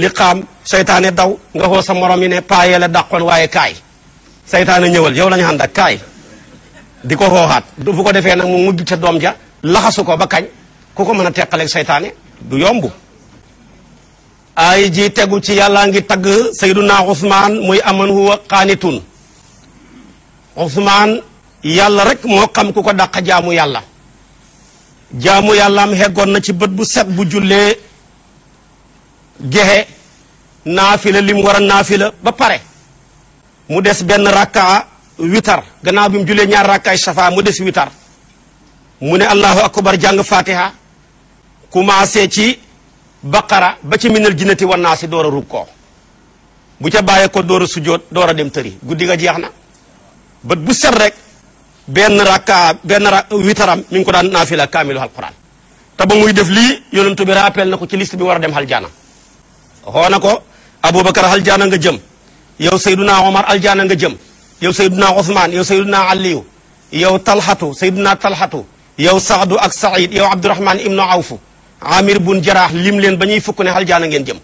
li xaam seytaane daw nga xoo sa morom yi ne paayee la dàqoon waaye kay seytaane ñëwal yow la ñu ànd ak kaay di ko xooxaat bu ko defee nag mu mujj ca doom ja laxasu ko ba kañ ku ko mën a teqale seytaane du yomb ay ji tegu ci yàllaa ngi tagg sayduna usmaan muy aman huwa xaanitun usmaan yàlla rek moo xam ku ko dàq jaamu yàlla jaamu yàlla am heggoon na ci bët bu set bu jullee gexe naafila li mu war a naafila ba pare mu des benn rakkaa witar gannaaw bi mu julee ñaar rakkaay safaa mu des witar mu ne allahu akbar jàng fatiha commencé ci baqara ba ci minal jinnati wan naa si door a rukkoo bu ca bàyyee ko door a sujjoot door a dem tëri guddi ga jeex na bët bu set rek benn rakkaa benn ra witaram mi ngi ko daan naafila kaamilu alquran te ba muy def lii yonentu bi rappel na ko ci liste bi war a dem aljana xoo na ko aboubacar aljaana nga jëm yow sayduna omar aljaana nga jëm yow sayduna ousmaan yow sayduna aliyu yow talxatu sayduna talxatu yow saadu ak said yow abdourahman ibnu awfu amir bun jaraax lim leen ba ñuy fukk ne jaana ngeen jëm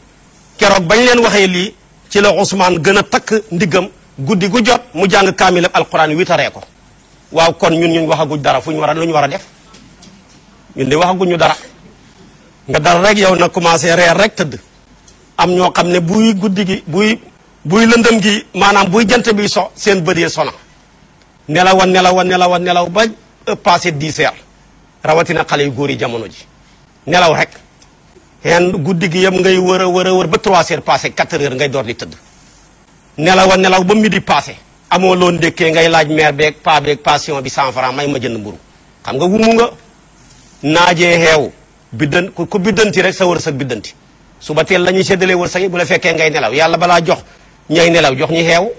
keroog bañ leen waxee lii ci la ousmaan gën a takk ndiggam guddi gu jot mu jàng kaamil ak alquran witaree ko waaw kon ñun ñun waxaguñ dara fu ñu war a lu ñu war a def ñun de waxaguñu dara nga dara rek yow na commencé reer rek tëdd am ñoo xamne buy guddi gi buy buy lëndëm gi manam buy jant bi so seen bëree ya sona nelawa nelawa nelawa nelaw ba passé 10 heures na xalé yu góor yi jamono ji nelaw rek hen guddi gi yam ngay wëra wëra wër ba 3 heures passé 4 heures ngay door di tëdd nelawa nelaw ba midi passé amo lo ndeké ngay laaj mère beeg pa beeg passion bi 100 francs may ma jënd mburu xam nga wumu nga heew xeew ko ku ti rek sa wërsëg ti suba tel lañu sédélé wol yi bu la féké ngay nelaw yalla bala jox ñay nelaw jox ñi xew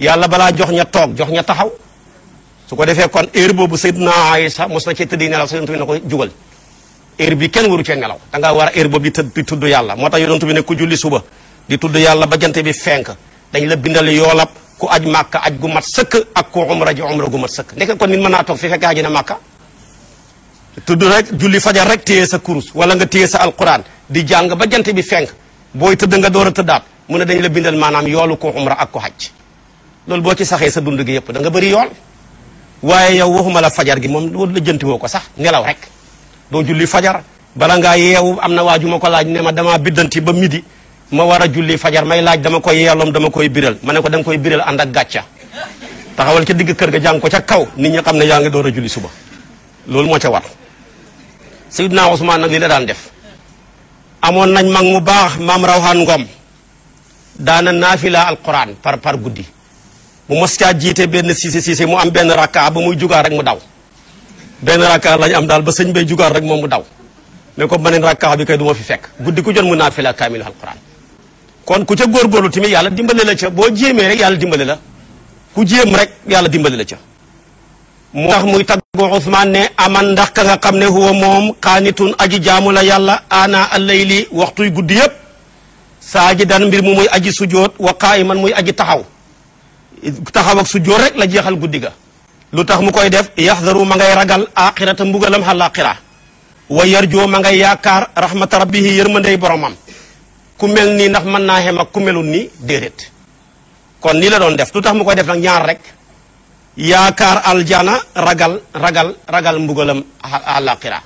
yalla bala jox ña tok jox ña taxaw su ko défé kon erreur bobu sayyidna aïsa musna ci nelaw sa yontu ne ko jugal erreur bi kenn waru ci nelaw da nga war erreur bobu boobu di tëdd di tax bi ne ku julli suba di tuddu yalla ba jant bi fenk dañ la bindal yolap ku aj makka aj gu mat sëkk ak ku umra ji umra gu mat sëkk nek kon min mën tok fi fekk na makka tuddu rek julli fajar rek téye sa kurus wala nga téye sa alquran di jang ba jant bi feng boy teud nga doora a tëddaat mu ne dañ la bindal manam yoolu ko umra ak ko hajj lol bo ci saxé sa dund gi yep da nga bëri yool waye yow waxuma la fajar gi mom la jënti woko sax nelaw rek do julli fajar bala nga yew amna waju mako laaj ne ma dama bidanti ba midi ma wara julli fajar may laaj dama koy yelom dama koy biral mané ko dang koy biral andak gatcha taxawal ci digg kër ga jang ko ca kaw nit ñi xamne ya nga doora julli suba lol mo ca war sayyidna usman nak li la daan def amoon nañ mag mu baax maam rawxaan ngom daana naafila alquran par par guddi mu mos jiite benn siise siise mu am benn rakka ba muy jugaar rek mu daw benn rakka lañ am daal ba sëñ bay jugaar rek moom mu daw mais comme beneen rakka bi kay du ma fi fekk guddi ku jot mu naafila kaamilu alquran kon ku ca góorgóorlu tamit yàlla dimbale la ca boo jéemee rek yàlla dimbale la ku jéem rek yàlla dimbale la ca motax muy taggu uthman ne aman ndax ka nga xamne huwa mom qanitun aji jaamu la yàlla ana layli waqtu guddi yépp saajidan mbir mu muy aji sujoot wa qa'iman muy aji taxaw taxaw ak sujoot rek la jeexal guddi ga lu mu koy def yahdharu ma ngay ragal axirata mbugalam xalaaxira wa yarju ma ngay yaakaar rahmat rabbih yërmandey boromam ku melni ndax man na hema ku melun ni deret kon ni la don def lutax mu koy def nak ñaar rek yaakaar aljana ragal ragal ragal mbugalam àllaaxira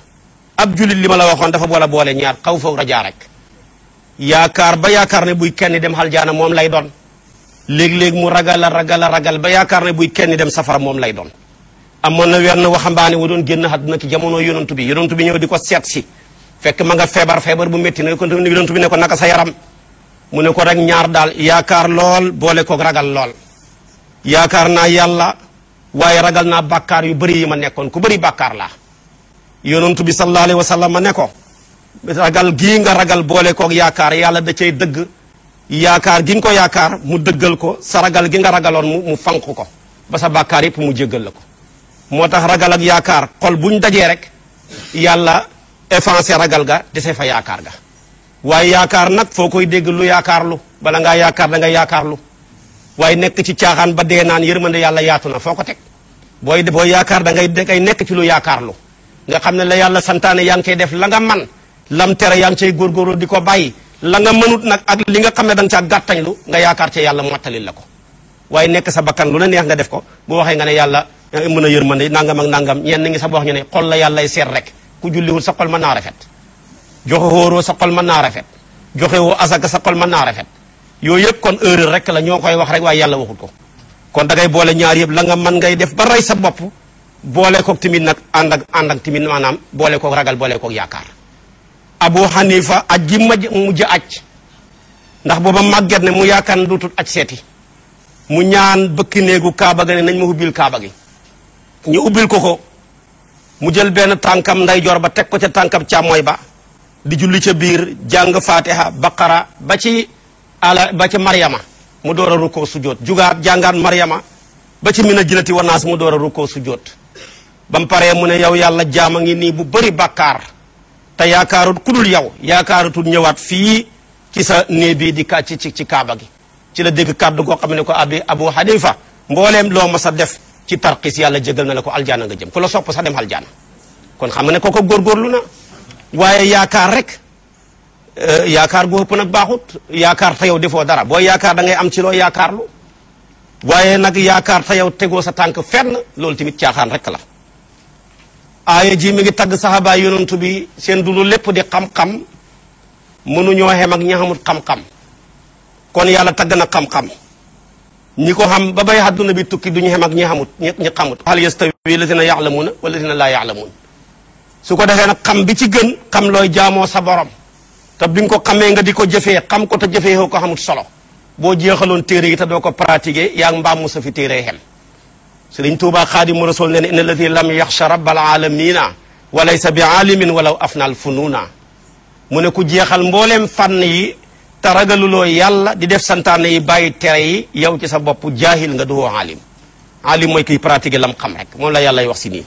ab jullit li ma la waxoon dafa boole boole ñaar xaw fa rajaa rek yaakaar ba yaakaar ne buy kenn dem aljana moom lay doon léeg-léeg mu ragal a ragal a ragal ba yaakaar ne buy kenn dem safara moom lay doon amoon na wenn waxambaane wu doon génn àdduna ki jamono yonantu bi yonantu bi ñëw di ko seet si fekk ma nga feebar feebar bu métti ne ko yonantu bi ne ko naka sa yaram mu ne ko rek ñaar daal yaakaar lool boole ko ragal lool waaye ragal naa bàkkaar yu bëri yi ma nekkoon ku bëri bàkkaar laa yonantu bi sallallahu alayhi wa sallam ma ne ko ragal gii nga ragal boole kook yaakaar yàlla da cay dëgg yaakaar gi nga ko yaakaar mu dëggal ko sa ragal gi nga ragaloon mu mu fanq ko ba sa bàkkaar yëpp mu jéggal la ko moo tax ragal ak yaakaar xol ñu dajee rek yàlla effacé ragal ga dese fa yaakaar ga waaye yaakaar nag foo koy dégg lu yaakaar lu bala ngaa yaakaar da nga yaakaar lu way nek ci tiaxan ba de nan yermande yalla yatuna foko tek boy de boy yakar da ngay da ngay ci lu yakarlu nga xamne la yalla santane yang cey def la nga man lam tere yang cey gor góorgóorlu diko bayyi la nga manut nak ak li nga xamne dang ca nga lu nga yakar ci yalla mottalil lako ko nek sa bakkan lu la neex nga def ko bu waxe nga ne yalla eh, mën a nangam ak nangam ñen ngi sa wax ñu ne xol la ay ser rek ku wu sa xol man na rafet joxe horo sa xol man na rafet joxe wu asaka sa xol man na rafet yooyu yëpp kon erreur rek la ñoo koy wax rek waaye yàlla waxul ko kon da boole ñaar yëpp la man mën ngay def ba rey sa bopp boole koog tamit nag ànd ak ànd ak maanaam boole ko ragal boole koog yaakaar Abu Hanifa aj ji mu mujj aj ndax booba màgget ne mu yaakaar ne dootul aj seeti mu ñaan bëkki néegu kaaba ga nañ ma ubbil kaaba gi ñu ubbil ko ko mu jël benn tànkam ndeyjoor ba teg ko ca tànkam càmmooy ba di julli ca biir jàng fatiha baqara ba ci ala ba ca Maryama mu door a rukkoo sujjoot jugaat jàngaat Maryama ba ci min a jinati wanaas mu door a rukkoo sujjoot ba mu paree mu ne yow yàlla jaama ngi nii bu bëri bàkkaar te yaakaarut ku dul yow yaakaarutul ñëwaat fii ci sa néeg bii di ka ci ci kaaba gi ci la dégg kàddu goo xam ne ko abi abu hanifa mbooleem loo ma sa def ci tarxis yàlla jégal na la ko aljaana nga jëm ku la sopp sax dem aljaana kon xam nga ne kooku góorgóorlu na waaye yaakaar rek Eh, yaakaar gu ëpp nag baaxut yaakaar te yow defoo dara boo yaakaar da am ci loo yaakaarlu waaye nag yaakaar te yow tegoo sa tànk fenn loolu tamit caaxaan rek la aaya ji mi ngi tagg saxaaba yonent bi seen dundu lépp di xam-xam mënuñoo xem ak ñi xamut xam-xam kon yàlla tagg na xam-xam ñi ko xam ba bay àdduna bi tukki duñu xem ak ñi xamut ñi xamut hal yastawi lazina ya'lamuuna wa lazina laa ya'lamuun su ko defee nag xam bi ci gën xam looy jaamoo sa borom te bi nga ko xamee nga di ko jëfee xam ko te jëfee ko xamul solo boo jeexaloon téere yi ta doo ko pratiqué yaa ngi mbaam mu sa fi téere xel Sëriñ Tuubaa Xaadimu Rasuul ne inna alladi lam yaxsha rabbal aalamiina wa laysa bi aalimin walaw afnal funuuna mu ne ku jeexal mbooleem fànn yi te ragaluloo yàlla di def santaane yi bàyyi tere yi yow ci sa bopp jaahil nga duhoo aalim aalim mooy kiy pratiqué lam xam rek moom la yàlla wax si nii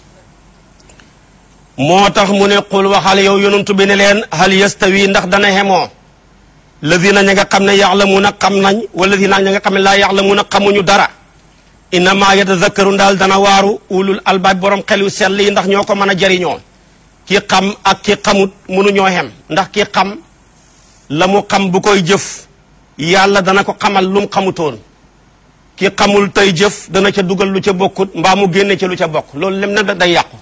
moo tax mu ne qul waxal yow yonantu bi ne leen hal yastawi ndax dana hemoo lazina ña nga xam ne yaxlamuuna xam nañ wala lazina ña nga xam ne laa yaxlamuuna xamuñu dara innama yatazakkaru daal dana waaru ulul albaab borom xel yu sell yi ndax ñoo ko mën a jariñoo ki xam ak ki xamut mënuñoo xem ndax ki xam la mu xam bu koy jëf yàlla dana ko xamal lum xamutoon ki xamul tey jëf dana ca dugal lu ca bokkut mbaa mu génne ca lu ca bokk loolu lem na day yàqu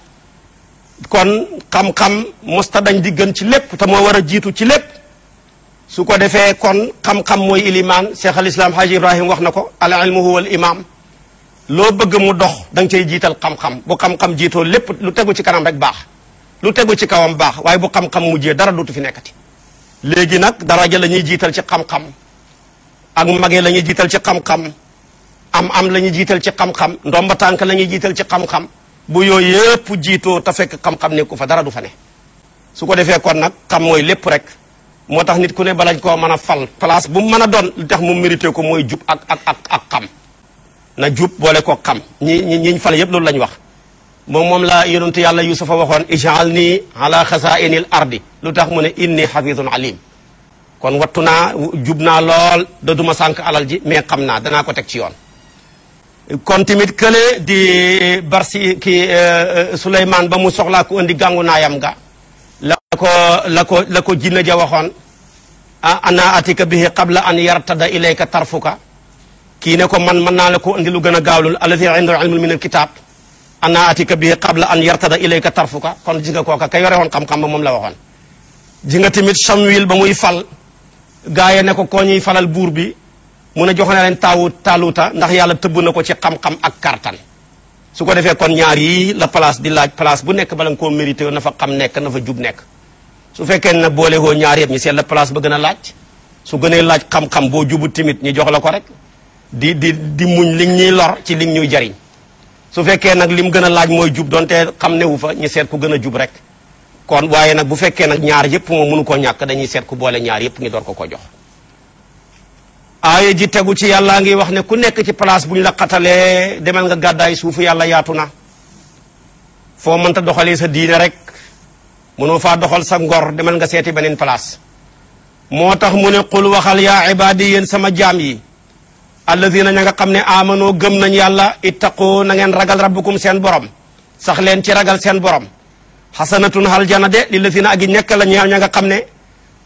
kon xam-xam mosta dañ di gën ci lépp te moo war a jiitu ci lépp su ko defee kon xam-xam mooy ilimaan cheikh al islam haji ibrahim wax na ko al ilmu huwa al imam loo bëgg mu dox da nga cay jiital xam-xam bu xam-xam jiitoo lépp lu tegu ci kanam rek baax lu tegu ci kawam baax waaye bu xam mu mujjee dara dootu fi nekkati léegi nag daraja la ñuy jiital ci xam-xam ak magee la ñuy jiital ci xam am am la ñuy jiital ci xam-xam ndomba tànk lañuy jiital ci xam-xam bu yooyu yëpp jiitoo te fekk xam-xam ne ku fa dara du fa ne su ko defee kon nag xam mooy lépp rek moo tax nit ku ne balañ koo mën a fal place bu mu mën a doon li tax mu mérité ko mooy jub ak ak ak xam na jub boole ko xam ñi ñi ñiñ fal yëpp loolu lañ wax moom moom la yonent yàlla yusufa waxoon ijaal nii ala xasainil ardi lu tax mu ne inni xafidun alim kon wattu naa jub naa lool da duma sànk alal ji mais xam naa danaa ko teg ci yoon kon tamit kële di barsi ki eh, eh, Souleymane ba mu soxlaa ku andi gàngu naayam ga la ko la ko la ko jinne ja waxoon ana ah, atika bihi qabla an yartada ilayka tarfuka kii ko man mën naa la ko andi lu gën a gaawlul allazi indahu ilmun min alkitab ana atika bihi qabla an yartada ilayka tarfuka kon ji nga ka yore woon xam-xam ba moom la waxoon ji nga tamit ba muy fal gaa ne ko koo ñuy falal buur bi mun ne jox na leen taawu taaluta ndax yàlla tëbb na ko ci xam-xam ak kartan su ko defee kon ñaar yi la place di laaj place bu nekk bala nga koo mérité na fa xam nekk na fa jub nekk su fekkee na boole ñaar yëpp ñi seet la place ba gën a laaj su gënee laaj xam boo jubu timit ñu jox la ko rek di di di mu li ñuy lor ci li ñuy jariñ su fekkee nag lim gën a laaj mooy jub donte xam newu fa ñu seet ku gën a jub rek kon waaye nag bu fekkee nag ñaar yëpp moom mënu koo ñàkk dañuy seet ku boole ñaar yëpp ñu door ko ko jox aaya ji tegu ci yàllaa ngi wax ne ku nekk ci palace bu ñu la xatalee demal nga gàddaay suufu yàlla yaatu na foo mënta doxalee sa diine rek mënoo fa doxal sa ngor demal nga seeti beneen place moo tax mu ne qul waxal yaa ibaadi yéen sama jaam yi na ña nga xam ne amanoo gëm nañ yàlla ittaqoo na ngeen ragal rabbukum seen borom sax leen ci ragal seen borom xasanatun haljana de lillazina ak yi nekk la ña nga xam ne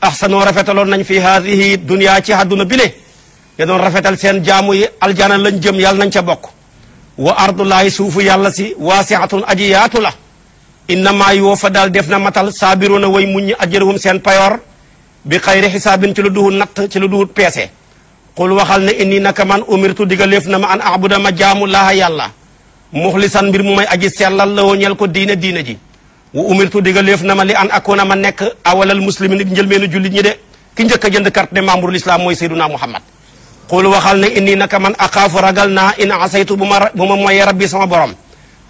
ahsanoo rafetaloon nañ fi haadihi ci àdduna bile ya rafetal seen jaamu yi aljana lañ jëm yàlla nañ ca bokk wa ardulaahi suufu yàlla si waasiatun aji yaatu la innama yoo fa daal def na matal saabiruna way muñ ñi ajërahum seen payoor bi xayri xisaabin ci lu duhut natt ci lu duhut peese qul waxal ne inni naka man umirtu digaleef na ma an abuda ma jaamu laaha yàlla muxlisan mbir mu may aji sellal la woo ko diine diine ji wa umirtu digaleef na ma li an akuna ma nekk awalal muslimin it njëlmeenu jullit ñi de ki njëkk a jënd carte de membre l'islam mooy sayduna muhammad xul waxal ne indi naka man axaafu ragal naa in asaytu bu ma bu ma moyee rabbi sama borom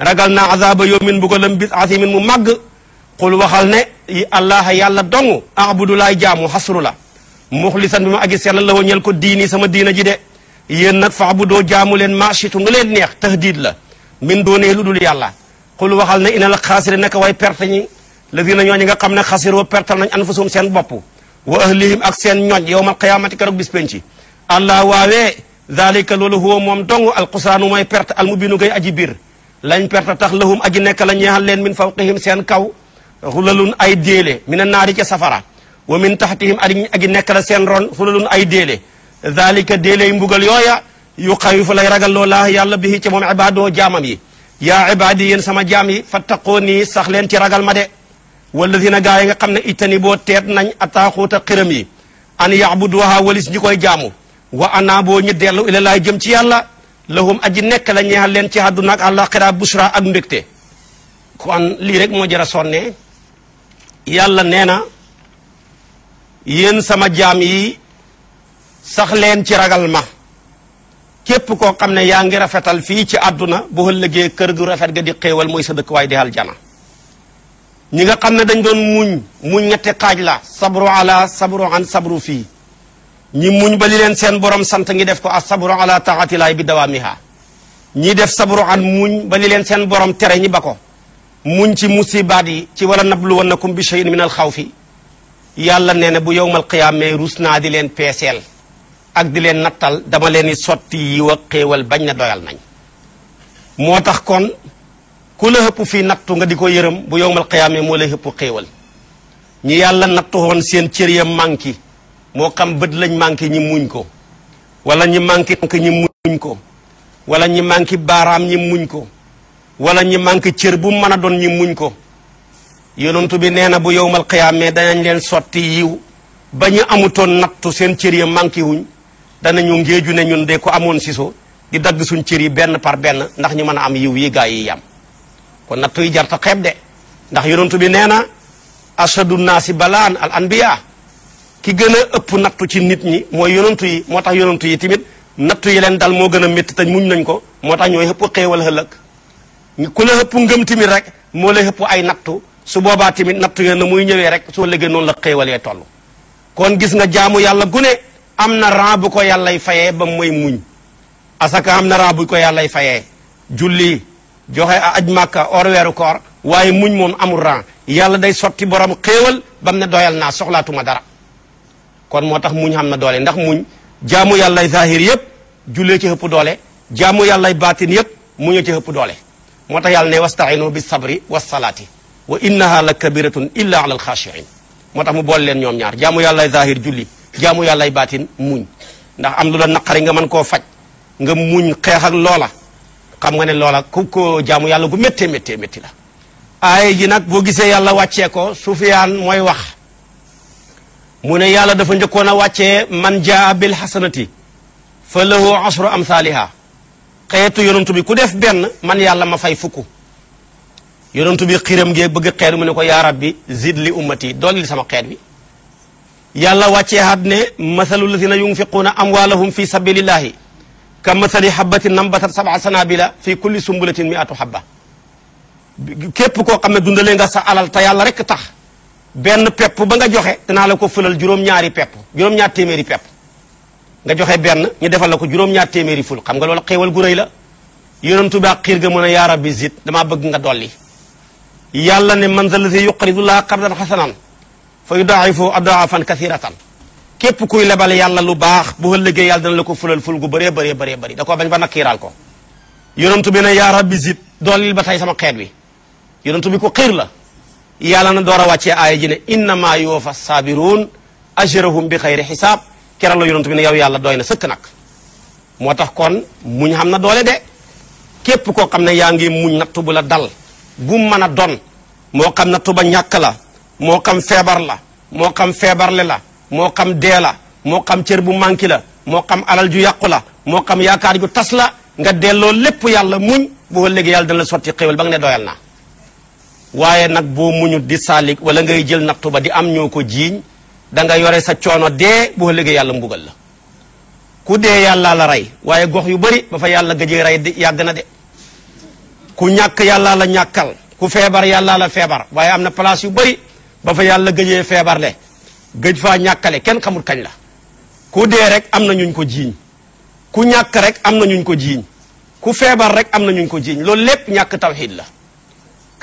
ragal naa azaaba yawmin bu ko lëm bis asimin mu màgg xul waxal ne yi allah yàlla dong abudu laay jaamu xasru la muxlisan bi ma agis yàlla la ñel ko diini sama diina ji de yéen nag faabudoo jaamu leen machitu nga leen neex tahdiid la min doonee lu dul yàlla xul waxal ne ina la xaasiri naka way perte ñi la fi na ñooñu nga xam ne xasiroo pertal nañ anfusum seen bopp wa ahlihim ak seen ñooñ yowmal qiyaamati keroog bis allah waawe dalika loolu huwa moom dong alxusraanu mooy perte almubinu ngay aji biir lañ perte tax lahum aji nekk la ñeexal leen min fawqihim seen kaw xulalun ay déele mina naari ca safara wa min taxtihim aji nekk la seen ron xulalun ay déele dalika déele yi mbugal yooya yu xawifu lay ragal loolaa yàlla bihi ca moom ibaadoo jaamam yi yaa ibaadi yéen sama jaam yi fattaqoo nii sax leen ci ragal ma de walladina gaa yi nga xam ne itani boo teet nañ ataaxuuta xiram yi an yaxbuduwaha walis ñi koy jaamu wa anaaboo ñu dellu ila laay jëm ci yàlla lahum aji nekk la ñeexal leen ci àdduna ak àllaaxira busra ak mbégte kon lii rek moo jara sonne yàlla nee na yéen sama jaam yi sax leen ci ragal ma képp koo xam ne yaa ngi rafetal fii ci àdduna boo ëllëgee kër gu rafet ga di xéewal mooy sa dëkkwaay di aljana ñi nga xam ne dañ doon muñ muñ ñetti xaaj la sabru ala sabru an sabru fii ñi muñ ba li leen seen borom sant ngi def ko as sabru ala taatilaay bi dawaamiha ñi def sabru an muñ ba li leen seen borom tere ñi ba ko muñ ci musibaat yi ci walla wala nabluwannakum bi shay'in min al xawfi yàlla nee na bu yowmal qiyaamee rus naa di leen peeseel ak di leen nattal dama leen di sotti yiw a bañ na doyal nañ moo tax kon ku la xëpp fii nattu nga di ko yërëm bu yowmal qiyaamee moo la xëpp xéewal ñi yàlla nattu woon seen cër ya manki moo kam bët lañ manqué ñi muñ ko wala ñi manqué tànk ñi muñ ko wala ñi manqué baaraam ñi muñ ko wala ñi manqué cër bu mën a doon ñi muñ ko yonentu bi nee na bu yowmal qiyaamee danañ leen sotti yiw ba ñu amutoon nattu seen cër yi manqué wuñ danañu ngéeju ne ñun de ko amoon siso di dagg suñ cër yi benn par benn ndax ñu mën a am yiw yi gaa yi yam kon nattu yi jarta xeeb de ndax yonentu bi nee na ashadu naasi balaan al anbiya ki gën a ëpp nattu ci nit ñi mooy yonantu yi moo tax yonantu yi tamit nattu yi leen dal moo gën a métti te muñ nañ ko moo tax ñooy ëpp xéewal ëllëg ku la ëpp ngëm tamit rek moo la ëpp ay nattu su boobaa tamit nattu yéen na muy ñëwee rek soo léegi noonu la xéewal yee kon gis nga jaamu yàlla gune am na ran bu ko yàlla yàllay fayee ba mooy muñ asaka am na ran bu ko yàllay fayee julli joxe a aj màkka waaye muñ moom amul ran yàlla day sotti borom xéewal ba mu ne doyal naa soxlaatuma dara kon moo tax muñ xam na doole ndax mu muñ jaamu yàllay zahir yëpp jullee ci hëpp doole jaamu yàllay baatin yëpp muña ci hëpp doole moo tax yàlla ne wastainu bi sabri wasalaati wa innaha la kabiratun illa ala alxaashiin moo tax mu boole leen ñoom ñaar jaamu yàllay zahir julli jaamu yàllay baatin muñ ndax am lu la naqari nga man koo faj nga mu xeex ak loola xam nga ne loola ku ko jaamu yàlla gu méttee méttee métti la aaya nag boo gisee yàlla wàccee ko sufiyaan mooy wax mu ne yàlla dafa njëkkoon a wàccee man jaa bil xasanati fa lahu ashru amthaliha xeetu yonantu bi ku def benn man yàlla ma fay fukk yonantu bi xiram gee bëgg xeer mu ne ko yaa rabbi zid li ummati doolil sama xeet bi yàlla wàccee xaat ne mathalu lazina yunfiquuna amwaalahum fi sabilillahi ka mathali habbatin nambatat sab'a sanabila fi kulli sumbulatin mi'atu habba képp koo xam ne dundalee nga sa alal te yàlla rek tax benn pepp ba nga joxe danaa la ko fulal juróom-ñaari pepp juróom-ñaar téeméeri pepp nga joxe benn ñu defal la ko juróom-ñaar téeméeri ful xam nga loolu xéewal gu rëy la yonentu baa xiir ga mën a yaa rabbi damaa bëgg nga dolli yàlla ne man zalazi yuqridullaha qardan xasanan fa yudaa'ifu adaafan kasiratan képp kuy lebal yàlla lu baax bu ëllëgee yàlla dana la ko fulal ful gu bëree bëree bëree bëri da koo bañ ba nakiiral ko yonentu bi ne yaa rabbi zid dollil ba tey sama xeet wi yonentu bi ko xiir la yàlla na door a wàccee aaya ji ne innama yuwafa saabirun ajrahum bi xayri xisaab keral la yonent bi ne yow yàlla dooy na sëkk nag moo tax kon muñ xam na doole de képp koo xam ne yaa ngi muñ nattu bu la dal bu mën a don moo xam nattu ba ñàkk la moo xam feebar la moo xam le la moo xam dee la moo xam cër bu manqué la moo xam alal ju yàqu la moo xam yaakaar ju tas la nga delloo lépp yàlla muñ bu ëllëgee yàlla dana la sotti xéwal ba nga ne waaye nag boo muñut di saalik wala ngay jël nattu ba di am ñoo ko jiiñ da nga yore sa coono dee boo liggéey yàlla mbugal la ku dee yàllaa la rey waaye gox yu bari ba fa yàlla gëjee rey yàgg na de ku ñàkk yàllaa la ñàkkal ku feebar yàllaa la feebar waaye am na place yu bari ba fa yàlla gëjee feebar le gëj faa ñàkkale kenn xamul kañ la ku dee rek am na ñuñ ko jiiñ ku ñàkk rek am na ñuñ ko jiiñ ku feebar rek am na ñuñ ko jiiñ loolu lépp ñàkk tawxiid la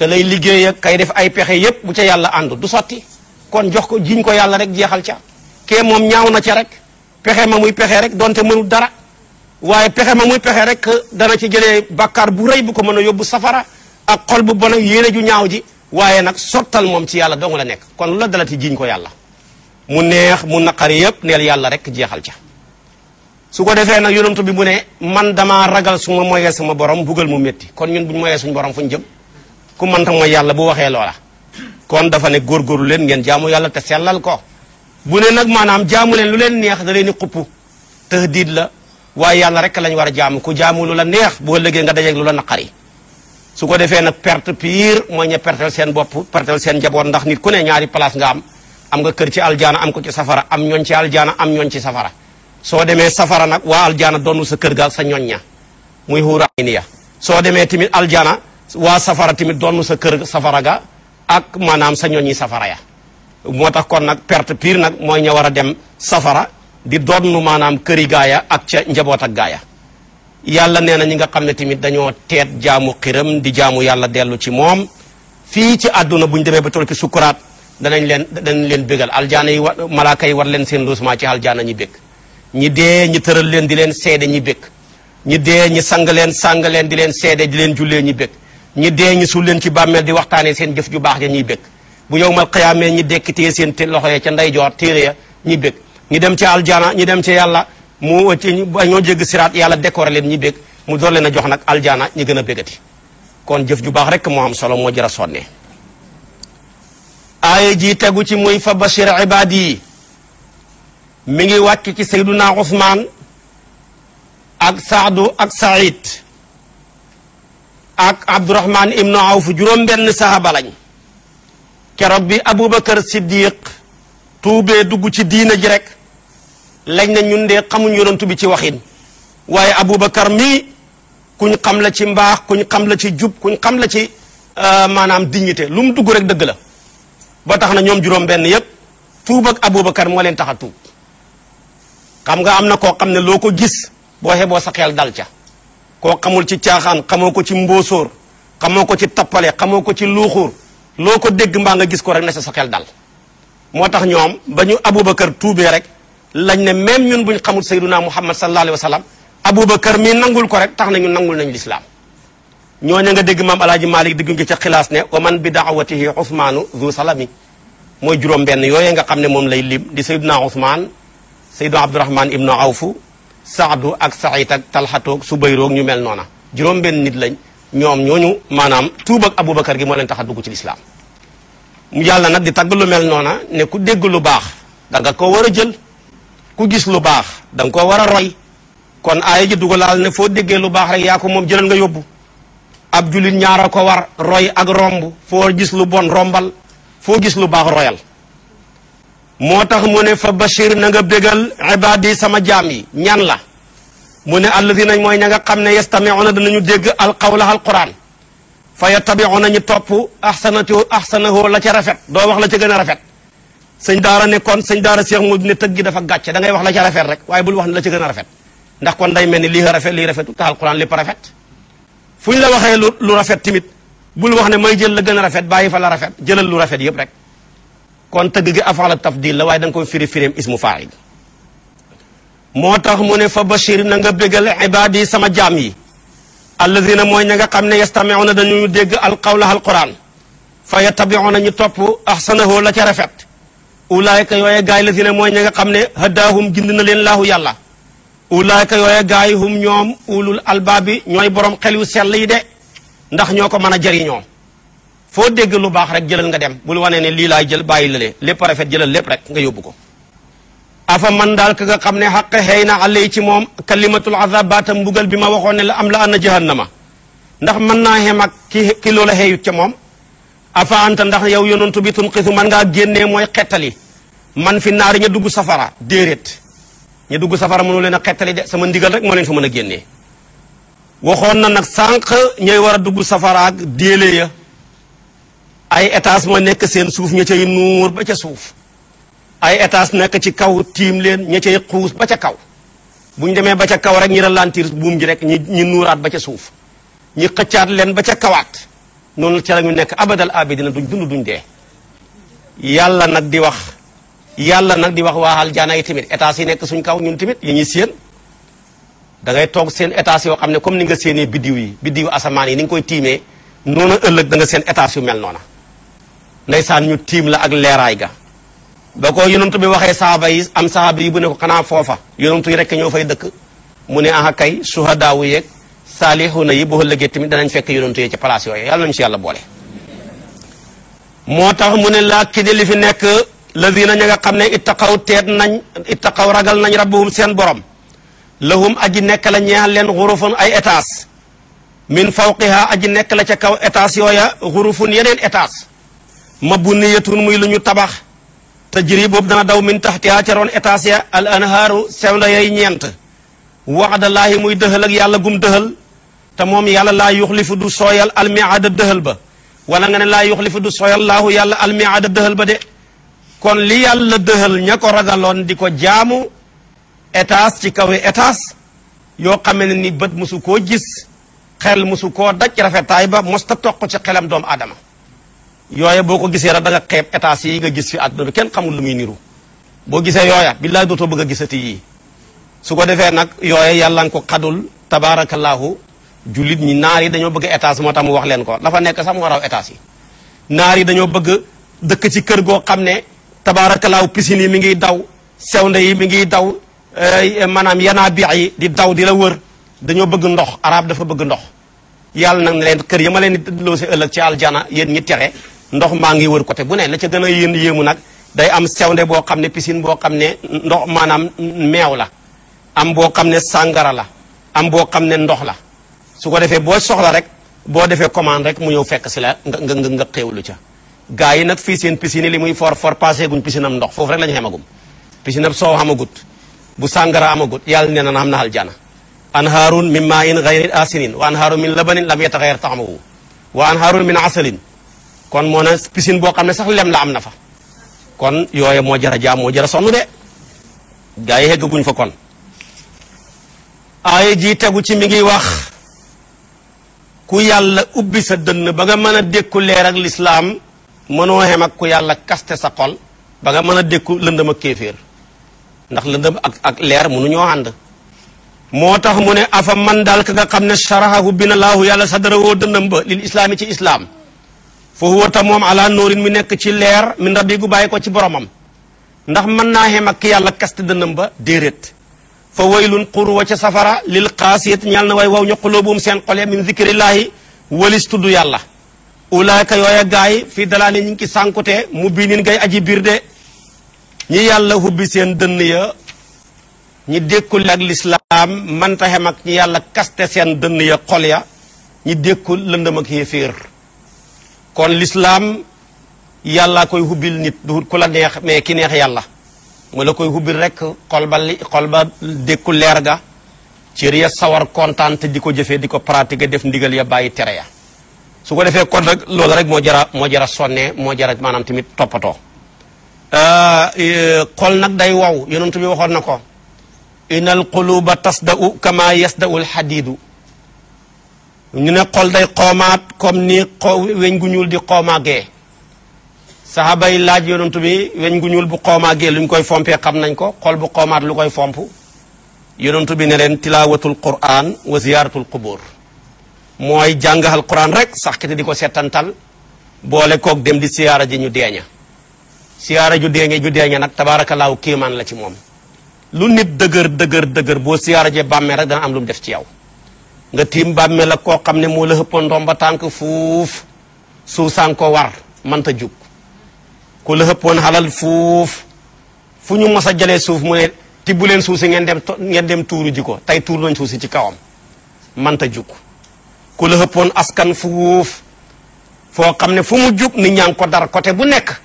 ke lay liggey ak kay def ay pexe yépp bu ca yalla andu du soti kon jox ko jiñ ko yalla rek jeexal ca kee mom ñaaw na ca rek pexe ma muy pexe rek donte mënu dara waye pexe ma muy pexe rek dana ci jëlé bakkar bu reuy bu ko mëna yobbu safara ak xol bu bon ak yéene ju ñaaw ji waye nak sotal mom ci dong la nek kon la dalati jiñ ko yalla mu neex mu naqari yépp neel yalla rek jeexal ca su ko defé nak yonantu bi mu ne man dama ragal suma moye sama borom bugal mu metti kon ñun buñ moye suñ borom fuñ jëm ku mënta mooy yalla bu waxe lola kon dafa ne góorgóorlu len ngeen jaamu yalla te selal ko bu ne nak manam jaamu len lu len neex da leni xuppu tahdid la wa yalla rek lañ wara jaamu ku jaamu lu la neex bu ëllëgee nga dajeeg lu la naqari su ko defé nak perte pire mo ñe pertel sen bop perte sen jabon ndax nit ku ne ñaari place nga am am nga kër ci aljana am ko ci safara am ñooñ ci aljana am ñooñ ci safara so deme safara nak wa aljana donu sa kër gaal sa ñooñ ña muy xuuraay ya soo demee waa safara tamit doon sa kër safara ga ak maanaam sa ñoñi safara ya moo tax kon nag perte pire nag mooy ña war a dem safara di doon maanaam këri gaaya ak ca njaboot ak gaaya yàlla nee na ñi nga xam ne tamit dañoo teet jaamu xiram di jaamu yàlla dellu ci moom fii ci àdduna bu ñu demee ba tool ki sukkuraat danañ leen danañ leen bégal aljaana yi wa malaaka yi war leen seen loosement ci aljaana ñi bég ñi dee ñi tëral leen di leen seede ñi bég ñi dee ñi sang leen sang leen di leen seede di leen jullee ñi bég ñi dee ñi suul leen ci bàmmeel di waxtaanee seen jëf ju baax ja ñuy bëgg bu ma yowmal xiyaamee ñi dekk téye seen loxo ya ca ndeyjoor téere ya ñuy bëgg ñi dem ci aljana ñi dem ci yàlla mu ñoo jégg siraat yàlla décoré leen ñi bëgg mu door leen a jox nag aljana ñi gën a bëggati kon jëf ju baax rek moo am solo moo jër a sonnee aaya ji tegu ci muy fa bashir ibaad yi mi ngi wàcc ci sayduna Usmaan ak saadu ak said ak abdourahman ibnu awf juróom benn sahaba lañ keroog bi aboubacar siddiq tuubee dugg ci diina ji rek lañ na ñun de xamuñ yonantu bi ci waxin waaye aboubacar mii kuñ xam la ci mbaax kuñ xam la ci jub kuñ xam la ci euh, maanaam dignité lu mu dugg rek dëgg la boo tax na ñoom juróom benn yépp tuub ak aboubacar moo leen tax tuub xam nga am na koo xam ne loo ko gis boo xeboo sa xel dal ca koo xamul ci caaxaan xamoo ko ci mbóosóor xamoo ko ci tappale xamoo ko ci luuxuur loo ko dégg mbaa nga gis ko rek na sa xel dal moo tax ñoom ba ñu aboubacar tuubee rek lañ ne même ñun buñ xamul sayduna muhammad sallallahu alayhi wa sallam aboubacar mii nangul ko rek tax na ñu nangul nañu lislaam ñoo ne nga dégg maam alaaji malik diggu ngi ca xilaas ne wa man bi daawatihi usmaanu zu salami mooy juróom benn yooyee nga xam ne moom lay lim di sayduna usmaan sayduna abdurahman ibnu awfu saadu ak saxiit ak talxatoog subayroog ñu mel noona juróom benn nit lañ ñoom ñooñu maanaam tuub ak aboubacar gi moo leen tax a dugg ci lislaam mu yàlla nag di tagg lu mel noona ne ku dégg lu baax da nga ko war a jël ku gis lu baax da nga ko war a roy kon aaya ji dugalaal ne foo déggee lu baax rek yaa ko moom jëlal nga yóbbu ab jullit ñaara ko war roy ak romb foo gis lu bon rombal foo gis lu baax royal moo tax mu ne fa bashir na nga bégal ibaadi sama jaam yi ñan la mu ne alladina mooy ña nga xam ne yastamiuna danañu dégg alqawla alquran fa na ñu topp ahsanati ahsanahu la ca rafet doo wax la ca gën a rafet sëñ daara ne kon sañ daara seex mu ne tëgg dafa gàcce da ngay wax la ca rafet rek waaye bul wax ne la ca gën a rafet ndax kon day mel ni lii rafet lii rafetu te alquran lépp rafet fu ñu la waxee lu rafet tamit bul wax ne may jël la gën a rafet bàyyi fa la rafet jëlal lu rafet yëpp rek kon tëgg gi afaala tafdil la waaye da nga koy firi firim ismu faa'il moo tax mu ne fa bashir na nga bégal ibaad yi sama jaam yi allazina mooy ña nga xam ne yastamiuna dañuy dégg alqawla alquran fa yattabiuna ñu topp ahsanahu la ca rafet ulaayka yooye gaay lazina mooy ña nga xam ne hadaahum gind na leen laahu yàlla ulaayka yooye gaay hum ñoom ulul albaabi ñooy borom xel yu sell yi de ndax ñoo ko mën a jëriñoo foo dégg lu baax rek jëlal nga dem bul wane ne lii laay jël bàyyi lële lépp rafet jëlal lépp rek nga yóbbu ko afa man daal ka nga xam ne xaq xëy na àllay ci moom kalimatul azab baatam mbugal bi ma waxoon ne la am la anna jahannama ndax mën naa xem ak ki ki loola xeeyut ca moom afa anta ndax yow yonantu bi tunqisu man ngaa génnee mooy xettali man fi naari ña dugg safara déeréet ñu dugg safara mënu leen a xettali de sama ndigal rek moo leen fa mën a génnee waxoon na nag sànq ñooy war a dugg safara ak ay étage ma nekk seen suuf ña cay nuur ba ca suuf ay étage nekk ci kaw tiim leen ña cay xuus ba ca kaw bu ñu demee ba ca kaw rek ñi ralentir buum ji rek ñi ñi nuuraat ba ca suuf ñi xëccaat leen ba ca kawaat noonu ca la ñu nekk abadal na duñ dund duñ dee yàlla nag di wax yàlla nag di wax waaxal jaana yi tamit étage yi nekk suñ kaw ñun tamit yi ñuy seen da ngay toog seen étage yoo xam ne comme ni nga séenee biddiw yi biddiw asamaan yi ni nga koy tiimee noonu ëllëg da nga seen étage yu mel noona ndeysaan ñu tiim la ak leeraay ga ba ko yonent bi waxee sahaaba yi am sahaaba yi bu ne ko xanaa foofa yonent yi rekk ñoo fay dëkk mu ne aha kay suhadaawu yeeg saalihuna yi boo lëggee tamit danañ fekk yonent yi ci place yooyu yàlla nañu si yàlla boole moo tax mu ne laa kidi li fi nekk lazina ña nga xam ne ittaqaw teet nañ ittaqaw ragal nañ rabbuhum seen borom lahum aji nekk la ñeexal leen xurufun ay étage min fawqiha aji nekk la ca kaw étage yooya xurufun yeneen ma mabniyatun muy lu ñu tabax tajri boobu dana daw min taxtiha ca roon étage ya al anhaaru sewnda yay ñeent waxdalaahi muy dëxal ak yàlla gum dëxal te moom yàlla laa yuxlifu du sooyal almiada dëxal ba wala nga ne laa yuxlifu du sooyal laahu yàlla almiada dëxal ba de kon li yàlla dëxal ña ko ragaloon di ko jaamu étage ci kaw étage yoo xamee ni bët mosu koo gis xel mosu koo daj rafetaay ba mosta toq ci xelam doomu aadama yooya boo ko gisee rek da nga xeeb yi nga gis fi àdduna bi kenn xamul lu muy niru boo gisee yooya billaay dootoo bëgg a gisati yii su ko defee nag yooya yàlla nga ko xadul tabaarakallaahu jullit ñi naar yi dañoo bëgg étage moo tax mu wax leen ko dafa nekk sax mu raw étage yi naar yi dañoo bëgg dëkk ci kër goo xam ne tabaarakallaahu piscine yi mi ngiy daw sewnde yi mi ngiy daw eh, maanaam yanaa biix yi di daw di la wër dañoo bëgg ndox araab dafa bëgg ndox yàlla nag ne leen kër ya ma leen di ëllëg ci aljana yéen ñi tere ndox ma ngi wër côté bu ne la ci gëna a yéen yéemu day am sewnde bo xamné ne piscine bo xamné ne ndox manam meew la am bo xamné ne la am bo xamné ne ndox la su ko défé bo soxla rek bo défé commande rek mu ñëw fekk ci la nga nga nga xewlu ci gaay yi nak fi seen piscine li muy for for passé guñ piscine am ndox fofu rek lañu ñu piscine ab soow amagut bu sangara amagut yàlla nee na amna hal jana anharun min maa in asinin wa anharun min labanin lam yataghayyar taxamahu wa anharun min asalin kon moo na piscine boo xam ne sax lem la am na fa kon yooye moo jara jaam moo jara sonn de gaa yi heggaguñ fa kon aaya ji tegu ci mi ngi wax ku yàlla ubbi sa dënn ba nga mën a dékku leer ak lislaam mënoo xem ak ku yàlla kaste sa xol ba nga mën a dékku lëndëm ak kéeféer ndax lëndëm ak ak leer mënuñoo ànd moo tax mu ne afa man daal ka nga xam ne sharahahu bina laahu yàlla sadarahoo dënnam ba lil islaami ci islaam fa huwa ta moom ala noorin mi nekk ci leer min rabbi gu bàyyi ko ci boromam ndax mën naa xem ak yàlla kaste dënam ba déeréet fa waylun xur wa ca safara lil xaasiyat ñal na way waw ñu xulóobuum seen xole min zikrillaahi walis tudd yàlla ulaayka yooya gaay fii dalaa ne ñu ngi ci sànkute mu bii nin gay aji biir de ñi yàlla hubbi seen dënn ya ñi dékkul ak lislaam manta xem ñi yàlla kaste seen dënn ya xol ya ñi dékkul lëndëm ak yéeféer kon lislaam yàlla koy hubbil nit du ku la neex mais ki neex yàlla mu la koy hubbil rek xol ba li xol leer ga cër ya sawar kontaan di ko jëfee di ko pratiquer def ndigal ya bàyyi tere ya su ko defee kon rek loolu rek moo jara moo jara sonne moo jara maanaam tamit toppatoo euh, euh, xol nag day wow yonent bi waxoon na ko inal quluba tasda'u kama yasda'u al hadidu ñu ne xol day xoomaat comme ni weñ gu ñuul di xoomaagee saxaaba yi laaj yonent bi weñ gu ñuul bu xoomaagee lu ñu koy fompee xam nañ ko xol bu xoomaat lu koy fomp yonent bi ne leen tilaawatul quraan wa ziyaaratul qubur mooy jàngaxal quraan rek sax kiti di ko settantal boole koog dem di siyaara ji ñu deeña siyaara ju deeñe ju deeña nag tabaarakallaahu kiimaan la ci moom lu nit dëgër dëgër dëgër boo siyaara jee bàmmee rek dana am lu mu def ci yow nga tim bàmme la koo xam ne moo la hëppoon romba tànk fuuf suusaan ko war ta jug ku la hëppoon halal fuuf fu ñu mos a jalee suuf mu ne tibbu leen suusi ngeen dem ngeen dem tuuru ji ko tey nañ suusi ci kawam ta jug ku la hëppoon askan fuuf foo xam ne fu mu jug nit ñaa ko dar côté bu nekk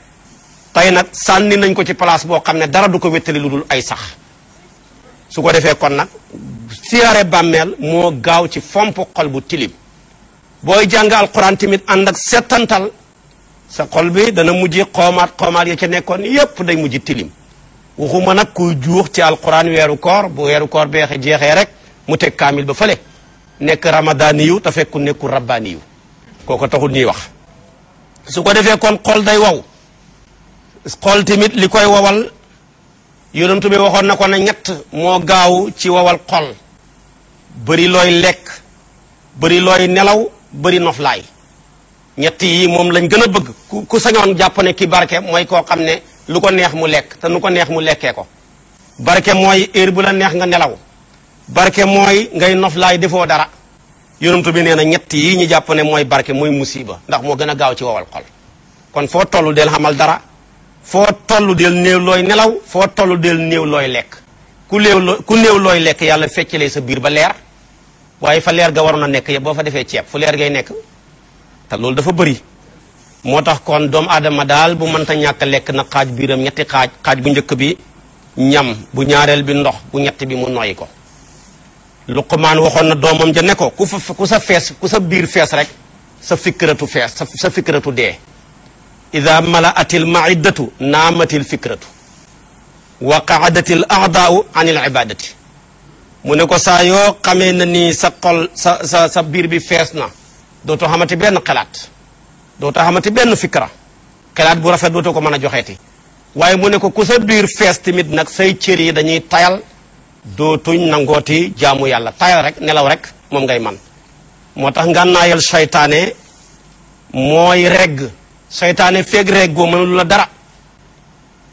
tey nag sànni nañ ko ci place boo xam dara du ko lu ay sax su ko defee kon nag siyaare bàmmeel moo gaaw ci fomp xol bu tilim booy jàng alquran tamit ànd ak settantal sa xol bi dana mujj xoomaat xoomaat ya ci nekkoon yépp day mujj tilim waxuma nag ku juux ci alquran weeru koor bu weeru jeexee rek mu teg kaamil ba fële nekk ramadaani yu te fekku nekku rabbaani yu kooko taxul ñuy wax su ko defee kon xol day wow xol tamit li koy wowal yonentu bi waxoon na ko na ñett moo gaaw ci wawal xol bari looy lekk bari looy nelaw bëri noflaay ñett yi moom lañ gën a bëgg ku ku sañoon jàpp ki barke mooy koo xam ne lu ko neex mu lekk te nu ko neex mu lekkee ko barke mooy heure bu la neex nga nelaw barke mooy ngay noflaay defoo dara yonentu bi nee na ñett yi ñu jàpp ne mooy barke mooy musiba ndax moo gën a gaaw ci wawal xol kon foo toll del xamal dara foo toll del néew looy nelaw foo tollu del néew looy lekk ku léew loo ku néew looy lekk yàlla feccalee sa biir ba leer waaye fa leer ga waroon a nekk yëpp boo fa defee ceeb fu leer gay nekk te loolu dafa bari moo tax kon doomu aadama daal bu mënta ñàkk lekk na xaaj biiram ñetti xaaj xaaj bu njëkk bi ñam bu ñaareel bi ndox bu ñett bi mu noyyi ko luqumaan waxoon na doomam ja ne ko ku sa fees ku sa biir fees rek sa fikkiratu fees sa sa fikkiratu dee إذا ملأت المعدة نامت الفكرة وقعدت الأعضاء عن العبادة منكو سايو قمينني سقل سبير بفاسنا دوتو همت بين قلات دوتو همت بين فكرة قلات برافت دوتو كمانا جو خيتي وي منكو كسبير فاس تميد نك سي تيري دني تايل دوتو ننغوتي جامو يالا تايل رك نلو رك ممغي من موتا هنگان نايل شايتاني موي رك موي رك seytaane feeg reg goo mënul la dara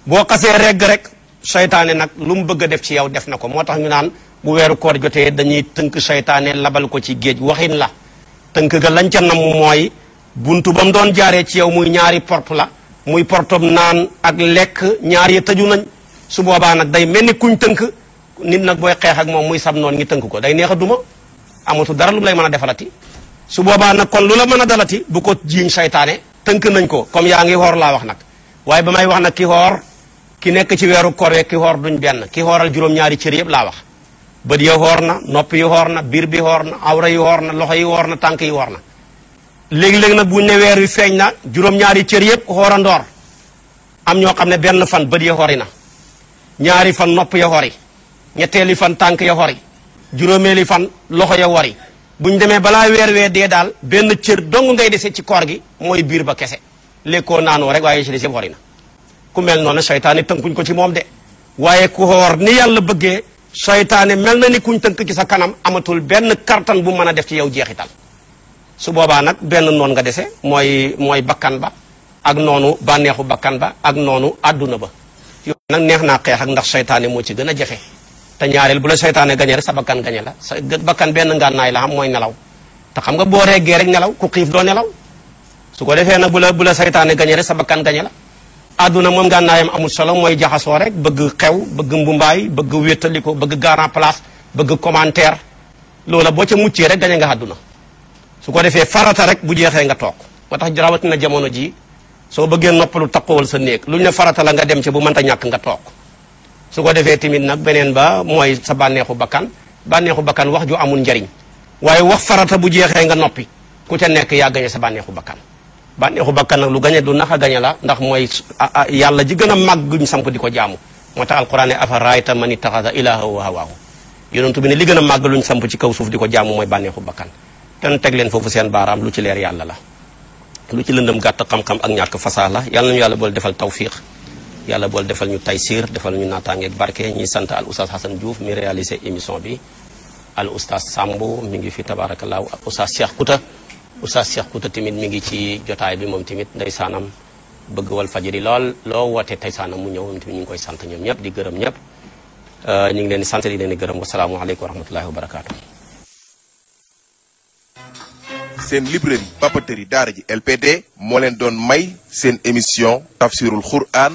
boo kasee regg rek seytaane nag lu mu bëgg a def ci yow def na ko moo tax ñu naan bu weeru koor jotee dañuy tënk seytaane labal ko ci géej waxin la tënk ga lañ ca nam mooy bunt ba mu doon jaaree ci yow muy ñaari port la muy portoom naan ak lekk ñaar ya tëju nañ su boobaa nag day mel ni kuñ tënk nit nag booy xeex ak moom muy sab noon ngi tënk ko day neex a duma amatu dara lu lay mën a defalati su boobaa nag kon lu la mën a dalati bu ko jiiñ seytaane tënk nañ ko comme yaa ngi xoor laa wax nag waaye ba may wax nag ki xoor ki nekk ci weeru koor ki xoor duñ benn ki xooral juróom-ñaari cër yëpp laa wax bët ya xoor na nopp yi xoor na biir bi xoor na yi xoor na loxo yi xoor na tànk yi xoor na léegi-léegi nag buñ ne weer wi feeñ na juróom-ñaari cër yëpp xoor a ndoor am ñoo xam ne benn fan bët ya xori na ñaari fan nopp ya xori ñetteeli fan tànk ya xori juróomeeli fan loxo ya wori bu ñu demee balaa weer wee dee daal benn cër dong ngay dese ci koor gi mooy biir ba kese lekkoo naanoo rek waaye ci des yëpp wari na ku mel noonu seytaane tënkuñ ko ci moom de waaye ku xoor ni yàlla bëggee soytaane mel na ni kuñ tënk ci sa kanam amatul benn kartan bu mën a def ci yow jeexital su boobaa nag benn noon nga dese mooy mooy bakkan ba ak noonu bànneexu bakkan ba ak noonu àdduna ba yooyu neex naa xeexak ndax seytaane moo ci gën a jafe te ñaarel bu la seytaane gañe rek sa bakkan gañe la sa bakkan benn naay la am mooy nelaw te xam nga boo reggee rek nelaw ku xiif doo nelaw su ko defee nag bu la bu la seytaane gañe rek sa bakkan gañe la àdduna moom ngànnaayam amul solo mooy jaxasoo rek bëgg xew bëgg mbumbaay bëgg wéttaliko bëgg garant place bëgg commentaire loola boo ca muccee rek gañe nga aduna su ko defee farata rek bu jeexee nga toog moo tax jamono ji soo bëggee noppalu taqowal sa néeg farata la nga dem ca bu mënta ñàkk nga toog su ko defee tamit nag beneen ba mooy sa bànneexu bakkan bànneexu bakkan wax ju amul njariñ waaye wax farata bu jeexee nga noppi ku te nekk yaa gañe sa bànneexu bakkan bànneexu bakkan nag lu gañe du nax a gañe la ndax mooy yàlla ji gën a màgg ñu samp di ko jaamu moo tax alquran ne afa raayta man ittaxada ilaahahu hawaahu yonentu bi ne li gën a màgg luñ samp ci kaw suuf di ko jaamu mooy bànneexu bakkan ten teg leen foofu seen baaraam lu ci leer yàlla la lu ci lëndëm gàtt xam-xam ak ñàkk fasaa la yàlla nañu yàlla boole defal tawfiq yalla bol defal ñu taysir defal ñu ak barké ñi sant al oustad Hassan Diouf mi réaliser émission bi al oustad Sambo mi ngi fi tabarakallah ak oustad Cheikh Kouta oustad Cheikh Kouta timit mi ngi ci jotaay bi mom timit ndaysanam bëgg wal fajiri lol lo woote taysanam mu ñëw moom ñu ngi koy sant ñom ñep di ñep euh ñi ngi leen di sant di leen di gërëm alaykum wa rahmatullahi wa barakatuh sen librairie papeterie daara ji LPD mo leen doon may sen émission tafsirul Quran